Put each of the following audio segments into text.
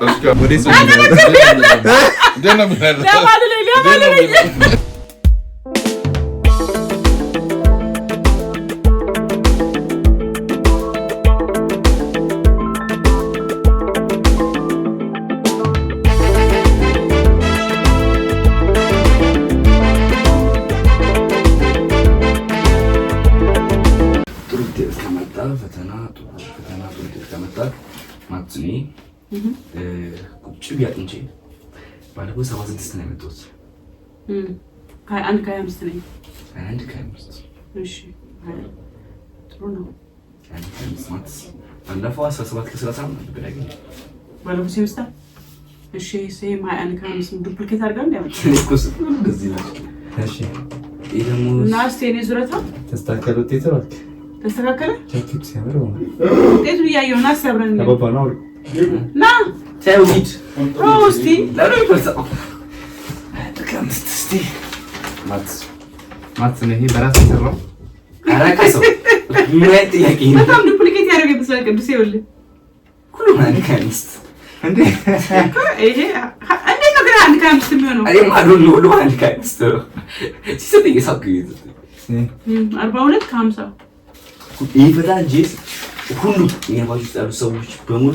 Let's go. What is it? Denim nerede? Levalile, levalile. ፈተና ጥቁር ፈተና ጥሩ እስከመጣ ማጽኒ ቁጭ ብዬ አጥንቼ ባለፈው ሰባ ስድስት ነው የመጣሁት። ሀያ አንድ ከሀያ አምስት ነኝ። ሀያ አንድ ከሀያ አምስት ጥሩ ነው። አንድ ማለት ባለፈው አስራ ሰባት ከሰላሳ ነበር ያገኘሁት ባለፈው ሴምስተር። እሺ ይሄም ሀያ አንድ ከሀያ አምስት ዱፕሊኬት አድርጋ እንደዚህ ናቸው። ነው። እሺ እና እስኪ የእኔ ዙረታ ተስተካከለ ውጤት ተስተካከለ ውጤቱ እያየሁ እና አብረን ና ተይው ሂድ። እስኪ ለምን ይፈልሰው በጣም ዱፕሊኬት ያደረገ ይመስላል። ቅዱስ ይኸውልህ ሁሉም አንድ ከአምስት እንዴት ነው ግን አንድ ከአምስት የሚሆነው? ሁሉም አንድ ከአምስት ሲሰጠኝ የሳብክ አርባ ሁለት ከሀምሳ ይህ በጣም ጄስ ሁሉም የባሽ ውስጥ ያሉ ሰዎች በሙሉ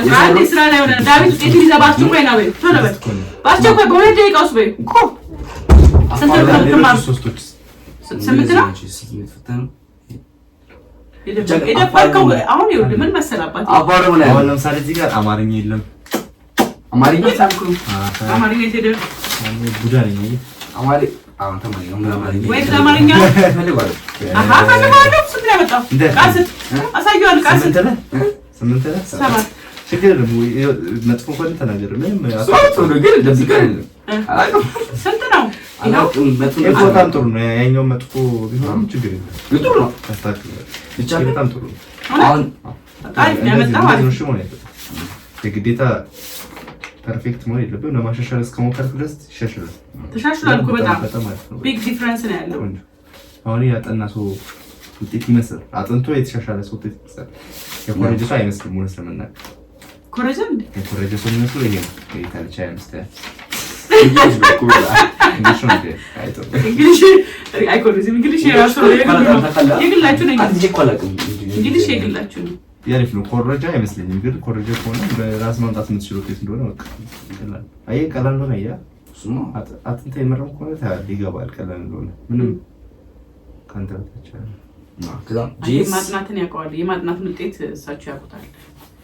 ይፈጠራል። አንድ ስራ ላይ ሆነ ዳዊት ውጤት ይዘህ በአስቸኳይ ነው ቶሎ በል፣ በአስቸኳይ በሁለት ደቂቃ ውስጥ በይ። ስምንት ነው የደፈርከው። አሁን ይኸውልህ አማርኛ የለም። አማርኛ ችግር መጥፎ ሆነ ተናገር። በጣም ጥሩ ነው። ያኛው መጥፎ ቢሆንም ችግር በጣም ጥሩ ነው። አሁን ፐርፌክት መሆን የለብህም። ለማሻሻል እስከሞከርክ ድረስ ይሻሽላል። አሁን ያጠና ሰው ውጤት ይመስል አጥንቶ የተሻሻለ ሰው ውጤት ይመስል የኮሌጅ ሰው አይመስልም። Corregge mi. E corregge solo solo io, per evitare c'è Amsterdam. በኩል እንግሊሽ ነው አይቶ እንግሊሽ አይኮልም። እንግሊሽ የራሱ ነው የግላችሁ ነው። እንግሊሽ የግላችሁ ነው። ያሪፍ ነው። ኮረጃ አይመስለኝም፣ ግን ኮረጃ ከሆነ በራስ ማምጣት የምትችለው ከየት እንደሆነ በቃ አየህ፣ ቀላል እንደሆነ አየህ። አጥንተ የመረም ከሆነ ይገባል፣ ቀላል እንደሆነ ምንም ከአንተ በታች ማጥናትን ያውቀዋል። የማጥናትን ውጤት እሳቸው ያውቁታል።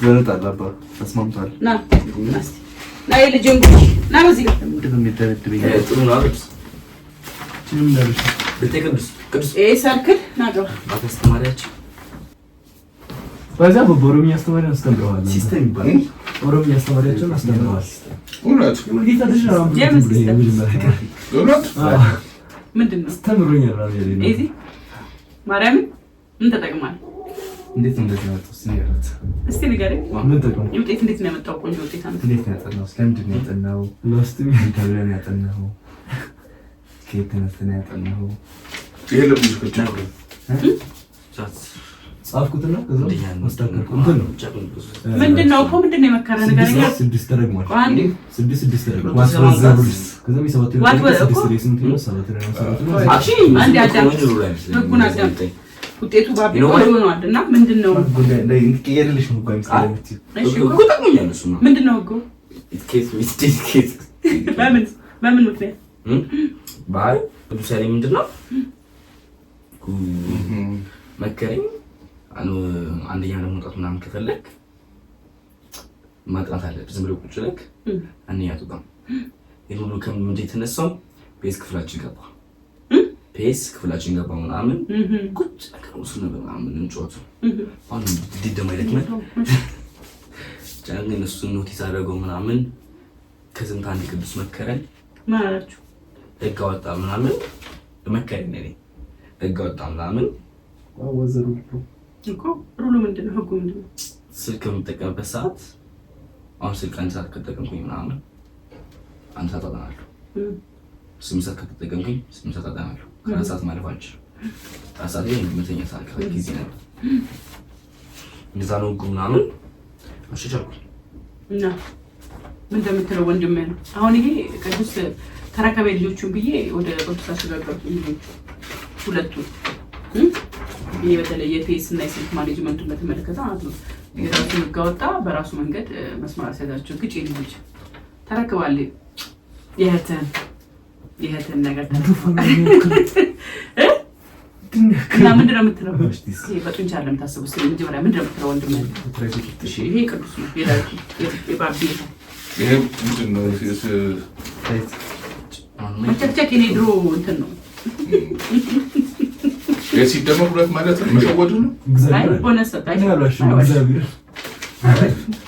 ይበልጣል አባ ተስማምቷል። በዚያ በኦሮምኛ አስተማሪ አስተምረዋል። ሲስተም ይባላል። ኦሮምኛ አስተማሪያቸውን አስተምረዋል። ምንድን ነው ማርያምን ምን ተጠቅማል? እንዴት ነው እንደዚህ ያመጣው? እስኪ ንገረት እስኪ ንገረኝ። ውጤት እንዴት ነው ያመጣው? ቆንጆ ውጤት አመጣ። እንዴት ነው ያጠናው? ስለምንድን ነው ያጠናው? ተብለን ያጠናው? ከየት ተነስተን ያጠናው? ጻፍኩትና ምንድን ነው እኮ ምንድን ነው የመከረ ነገር ስድስት አንዴ ስድስት ስድስት ተደግሟል። ውጤቱ ምንድነው ሆኗል ነው ነው በምን ምክንያት ባህል ነው መከረኝ። አንደኛ ለመውጣት ምናምን ከፈለግ ማጥናት አለ። ዝም ብለህ ቁጭ ብለህ አንደኛ ጋር ይህ ሁሉ ከምንድን የተነሳው ቤት ክፍላችን ገባ ፔስ ክፍላችን ገባ ምናምን ቁጭ ነገር እሱ ምናምን እንጮት አሁን ድደማ ይደክመን ጫንግን እሱን ኖቲስ አደረገው ምናምን ከዝምታ አንድ ቅዱስ መከረን ማለችሁ ህግ አወጣ ምናምን መከረን እኔ ህግ አወጣ ምናምን ወዘሩ እኮ ሩሉ ምንድን ነው ህጉ ምንድን ነው ስልክ የምጠቀምበት ሰዓት አሁን ስልክ አንድ ሰዓት ከጠቀምኩኝ ምናምን አንድ ሰዓት አጠናለሁ ስምንት ሰዓት ከተጠቀምኩኝ ስምንት ሰዓት አጠናለሁ ከአንድ ሰዓት ማለፍ አልችልም። ከአንድ ሰዓት ላይ መተኛ ሰዓት ጊዜ ነበር። እንደዛ ነው ህጉ ምናምን አሸቻልኩ እና ምን እንደምትለው ወንድም ነው። አሁን ይሄ ቅዱስ ተረከበ ልጆቹን ብዬ ወደ ቅዱስ አሸጋገርኩ ልጆቹ ሁለቱ ይሄ በተለይ የፌስ እና የስልክ ማኔጅመንቱን በተመለከተ ማለት ነው። የራሱ ህግ አወጣ። በራሱ መንገድ መስማር ሲያዛቸው ግጭ ልጅ ተረክባል የእህትህን ይህትን ነገር እና ምንድን ነው የምትለው? በጡንቻ አለ የምታስበው እስኪ እንጂ ምንድን ነው የምትለው? ወንድም ይሄ ቅዱስ ነው የባቢ ድሮ እንትን ነው ሲደመር ሁለት ማለት ነው። መሸወዱ ነው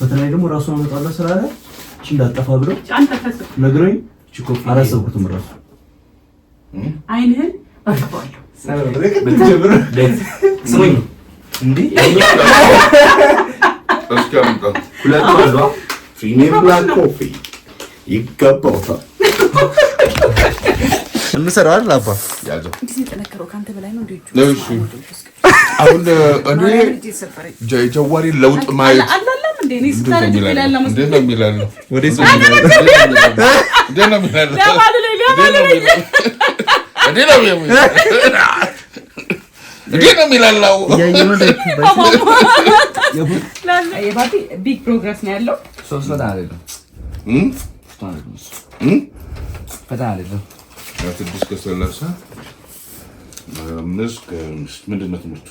በተለይ ደግሞ ራሱን አመጣለሁ ስላለ እቺ እንዳጠፋ ብሎ ነግሮኝ እኮ አላሰብኩትም። ራሱ አይንህን ይገባውታል አሁን እኔ ጀዋሪ ለውጥ ማየት ቢግ ነው ያለው። ምንድን ነው ትምህርቱ?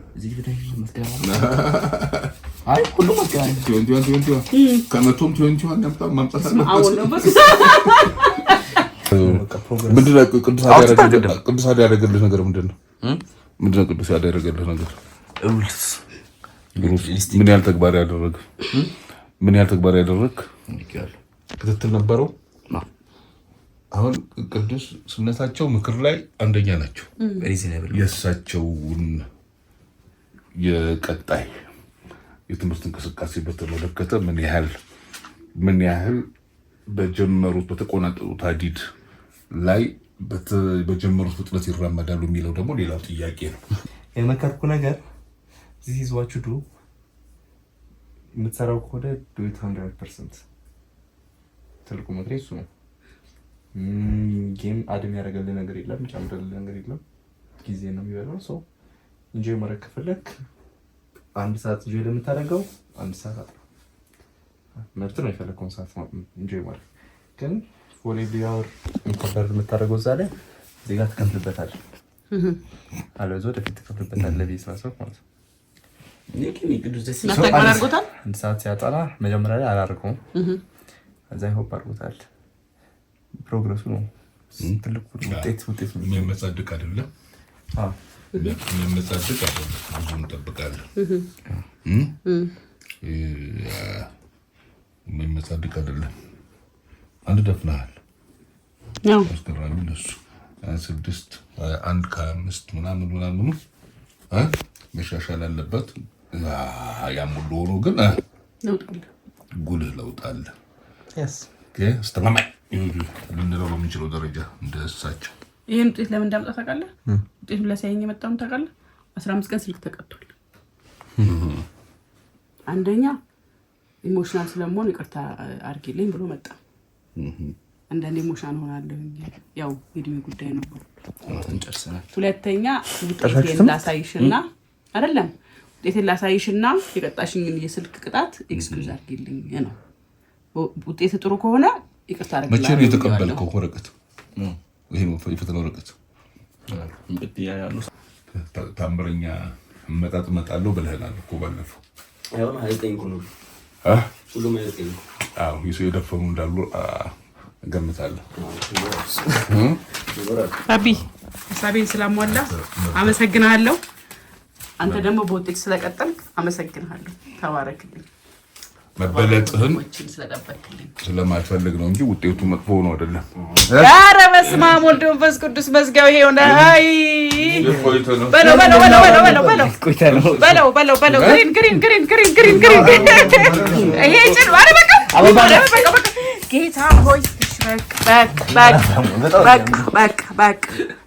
ከመቶም ቲወንቲዋን ማምጣት ቅዱስ ያደረገልህ ነገር ምንድን ነው? ምንድን ነው ቅዱስ ያደረገልህ ነገር? ምን ያህል ተግባር ያደረግ ምን ያህል ተግባር ያደረግ ክትትል ነበረው። አሁን ቅዱስ ስነታቸው ምክር ላይ አንደኛ ናቸው። የእሳቸውን የቀጣይ የትምህርት እንቅስቃሴ በተመለከተ ምን ያህል ምን ያህል በጀመሩት በተቆናጠጡት ሀዲድ ላይ በጀመሩት ፍጥነት ይራመዳሉ የሚለው ደግሞ ሌላው ጥያቄ ነው። የመከርኩ ነገር ዚህ ይዟችሁ ዱ የምትሰራው ከሆነ ዱት ሀንድረድ ፐርሰንት ትልቁ ምክሬ እሱ ነው። ጌም አድም ያደረገልህ ነገር የለም፣ ጨምረልህ ነገር የለም። ጊዜ ነው የሚበላው ሰው እንጂ መረግ ከፈለክ አንድ ሰዓት እንጂ ለምታደርገው አንድ ሰዓት መብት ነው። የፈለከውን ሰዓት እንጂ ማለት ግን ፎር ኤቭሪ አወር ኢንኮምፐር የምታደርገው እዛ ላይ እዚህ ጋር ትከፍልበታል። አለበለዚያ ወደፊት ትከፍልበታል ለቤት ስላሰብ ማለት ነው። አንድ ሰዓት ሲያጠና መጀመሪያ ላይ አላደርገውም። እዛ ይሆን አድርጎታል። ፕሮግረሱ ነው ትልቁ ውጤት ውጤት ነው የሚያመጻድቅ አይደለም የሚያመሳስቅ አለ ብዙ እንጠብቃለን። የሚመጻድቅ አይደለም። አንድ ደፍናሃል። አስገራሚ ነሱ ስድስት አንድ ከአምስት ምናምን ምናምኑ መሻሻል አለበት። ያም ሁሉ ሆኖ ግን ጉልህ ለውጥ አለ። አስተማማኝ ልንለው በምንችለው ደረጃ እንደሳቸው ይህን ውጤት ለምን እንዳመጣ ታውቃለህ? ውጤቱን ላሳየኝ የመጣውን ታውቃለህ? አስራ አምስት ቀን ስልክ ተቀጥቷል። አንደኛ ኢሞሽናል ስለመሆን ይቅርታ አድርጌልኝ ብሎ መጣ። አንዳንድ ኢሞሽናል ሆናለሁ። ያው የእድሜ ጉዳይ ነው። ሁለተኛ ውጤቴን ላሳይሽና አይደለም ውጤቴን ላሳይሽና የቀጣሽኝን የስልክ ቅጣት ኤክስኪውዝ አድርጌልኝ ነው። ውጤት ጥሩ ከሆነ ይቅርታ አድርጌልኝ። መቼ ነው የተቀበልከው ወረቀቱ? ይሄ ነው የፈተና ወረቀት። ታምረኛ መጣጥ መጣለሁ ብለህናል እኮ ባለፈው። የሰው የደፈኑ እንዳሉ እገምታለሁ። አቢ ሀሳቤን ስላሟላ አመሰግናለሁ። አንተ ደግሞ በውጤት ስለቀጠልክ አመሰግናለሁ። ተባረክልኝ። መበለጥህን ስለማልፈልግ ነው እንጂ ውጤቱ መጥፎ ሆኖ አይደለም። ኧረ በስመ አብ ወልድ መንፈስ ቅዱስ መዝጊያው ይሄ ሆነ። አይ በለው በለው በለው በለው በለው በለው በለው ግሪን ግሪን ግሪን ግሪን ግሪን ግሪን ይሄ ጭን ኧረ በቃ ጌታ ሆይ በቃ በቃ በቃ በቃ በቃ